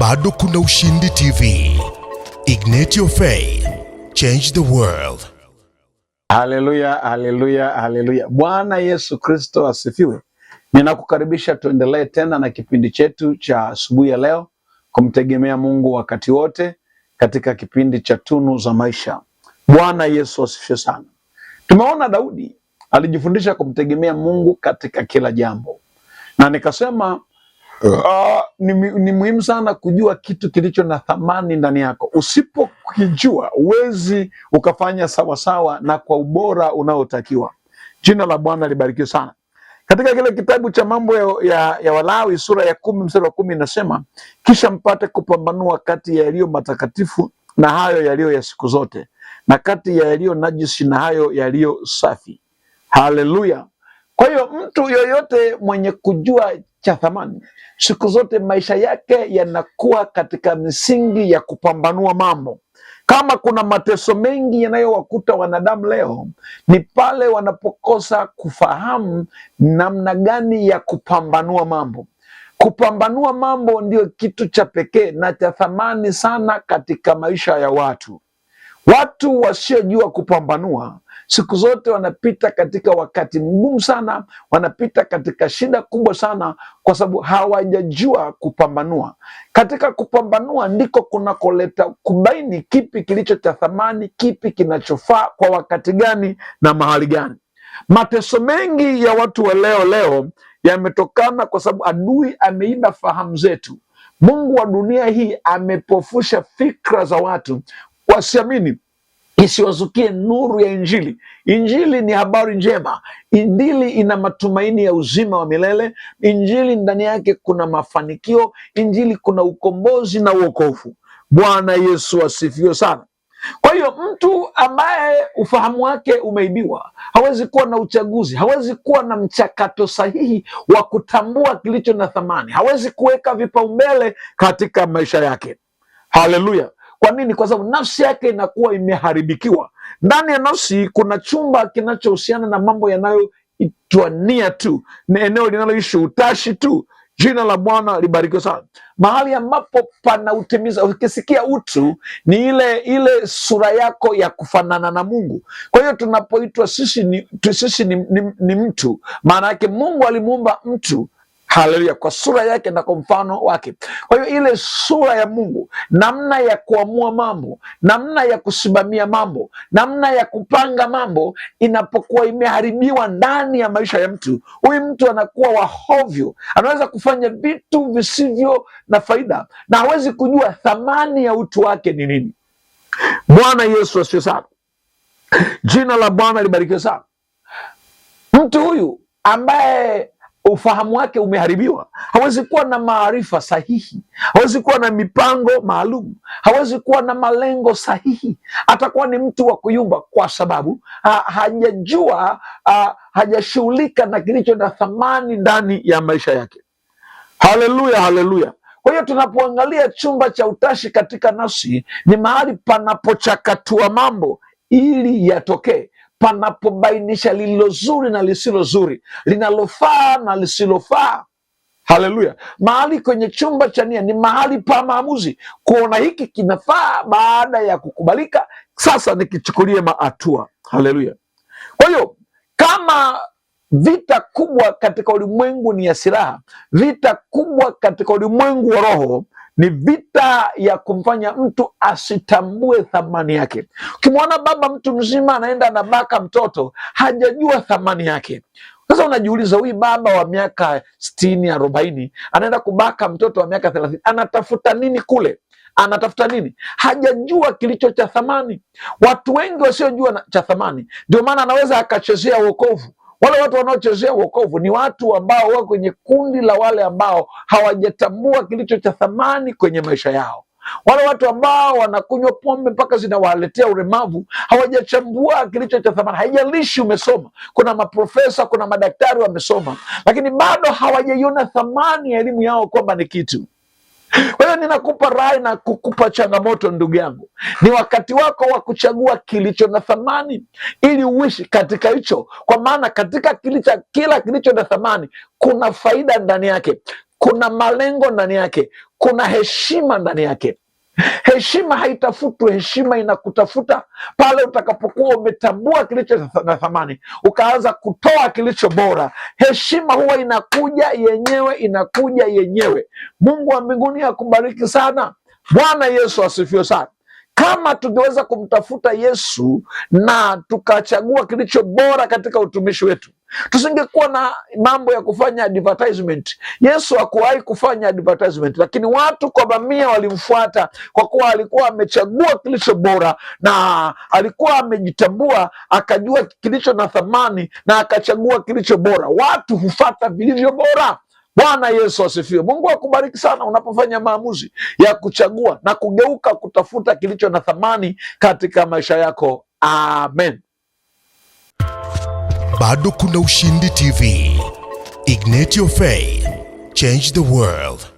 bado kuna ushindi TV. Ignite your faith, change the world. Haleluya, haleluya, haleluya! Bwana Yesu Kristo asifiwe. Ninakukaribisha tuendelee tena na kipindi chetu cha asubuhi ya leo, kumtegemea Mungu wakati wote, katika kipindi cha tunu za maisha. Bwana Yesu asifiwe sana. Tumeona Daudi alijifundisha kumtegemea Mungu katika kila jambo, na nikasema Uh, ni, ni muhimu sana kujua kitu kilicho na thamani ndani yako. Usipokijua uwezi ukafanya sawasawa na kwa ubora unaotakiwa. Jina la Bwana libarikiwe sana. Katika kile kitabu cha mambo ya, ya, ya Walawi sura ya kumi mstari wa kumi inasema, kisha mpate kupambanua kati ya yaliyo matakatifu na hayo yaliyo ya siku zote na kati ya yaliyo najisi na hayo yaliyo safi. Haleluya! Kwa hiyo mtu yoyote mwenye kujua cha thamani. Siku zote maisha yake yanakuwa katika misingi ya kupambanua mambo. Kama kuna mateso mengi yanayowakuta wanadamu leo, ni pale wanapokosa kufahamu namna gani ya kupambanua mambo. Kupambanua mambo ndiyo kitu cha pekee na cha thamani sana katika maisha ya watu. Watu wasiojua kupambanua siku zote wanapita katika wakati mgumu sana, wanapita katika shida kubwa sana, kwa sababu hawajajua kupambanua. Katika kupambanua ndiko kunakoleta kubaini kipi kilicho cha thamani, kipi kinachofaa kwa wakati gani na mahali gani. Mateso mengi ya watu wa leo leo yametokana kwa sababu adui ameiba fahamu zetu. Mungu wa dunia hii amepofusha fikra za watu wasiamini isiwazukie nuru ya Injili. Injili ni habari njema. Injili ina matumaini ya uzima wa milele. Injili ndani yake kuna mafanikio. Injili kuna ukombozi na uokovu. Bwana Yesu asifiwe sana. Kwa hiyo mtu ambaye ufahamu wake umeibiwa hawezi kuwa na uchaguzi, hawezi kuwa na mchakato sahihi wa kutambua kilicho na thamani, hawezi kuweka vipaumbele katika maisha yake. Haleluya! Kwa nini? Kwa sababu nafsi yake inakuwa imeharibikiwa. Ndani ya nafsi kuna chumba kinachohusiana na mambo yanayoitwa nia tu, ni eneo linaloishi utashi tu. Jina la Bwana libarikiwe sana. Mahali ambapo pana utimiza, ukisikia utu ni ile ile sura yako ya kufanana na Mungu. Kwa hiyo tunapoitwa sisi ni, sisi ni, ni, ni mtu, maana yake Mungu alimuumba mtu Haleluya, kwa sura yake na kwa mfano wake. Kwa hiyo ile sura ya Mungu, namna ya kuamua mambo, namna ya kusimamia mambo, namna ya kupanga mambo, inapokuwa imeharibiwa ndani ya maisha ya mtu, huyu mtu anakuwa wahovyo, anaweza kufanya vitu visivyo na faida na hawezi kujua thamani ya utu wake ni nini. Bwana Yesu asio sana, jina la Bwana libarikiwe sana. Mtu huyu ambaye ufahamu wake umeharibiwa, hawezi kuwa na maarifa sahihi, hawezi kuwa na mipango maalum, hawezi kuwa na malengo sahihi. Atakuwa ni mtu wa kuyumba, kwa sababu ha, ah, hajajua ha, ah, hajashughulika na kilicho na thamani ndani ya maisha yake. Haleluya, haleluya. Kwa hiyo tunapoangalia chumba cha utashi katika nafsi, ni mahali panapochakatua mambo ili yatokee panapobainisha lililo zuri na lisilo zuri, linalofaa na lisilofaa. Haleluya! Mahali kwenye chumba cha nia ni mahali pa maamuzi, kuona hiki kinafaa. Baada ya kukubalika, sasa nikichukulie maatua. Haleluya! Kwa hiyo kama vita kubwa katika ulimwengu ni ya silaha, vita kubwa katika ulimwengu wa roho ni vita ya kumfanya mtu asitambue thamani yake. Ukimwona baba mtu mzima anaenda anabaka mtoto, hajajua thamani yake. Sasa unajiuliza, huyu baba wa miaka sitini arobaini anaenda kubaka mtoto wa miaka thelathini, anatafuta nini kule? Anatafuta nini? Hajajua kilicho cha thamani. Watu wengi wasiojua cha thamani, ndio maana anaweza akachezea wokovu wale watu wanaochezea wokovu ni watu ambao wako kwenye kundi la wale ambao hawajatambua kilicho cha thamani kwenye maisha yao. Wale watu ambao wanakunywa pombe mpaka zinawaletea ulemavu, hawajachambua kilicho cha thamani. Haijalishi umesoma, kuna maprofesa, kuna madaktari wamesoma, lakini bado hawajaiona thamani ya elimu yao kwamba ni kitu kwa hiyo ninakupa rai na kukupa changamoto, ndugu yangu, ni wakati wako wa kuchagua kilicho na thamani ili uishi katika hicho, kwa maana katika kilicha, kila kilicho na thamani kuna faida ndani yake, kuna malengo ndani yake, kuna heshima ndani yake. Heshima haitafutwi, heshima inakutafuta pale utakapokuwa umetambua kilicho na thamani, ukaanza kutoa kilicho bora. Heshima huwa inakuja yenyewe, inakuja yenyewe. Mungu wa mbinguni akubariki sana. Bwana Yesu asifiwe sana. Kama tungeweza kumtafuta Yesu na tukachagua kilicho bora katika utumishi wetu, tusingekuwa na mambo ya kufanya advertisement. Yesu hakuwahi kufanya advertisement, lakini watu kwa mamia walimfuata kwa kuwa alikuwa amechagua kilicho bora na alikuwa amejitambua, akajua kilicho na thamani na akachagua kilicho bora. Watu hufata vilivyo bora. Bwana Yesu asifiwe. Mungu akubariki sana unapofanya maamuzi ya kuchagua na kugeuka kutafuta kilicho na thamani katika maisha yako. Amen. Bado kuna Ushindi TV, ignite your faith, change the world.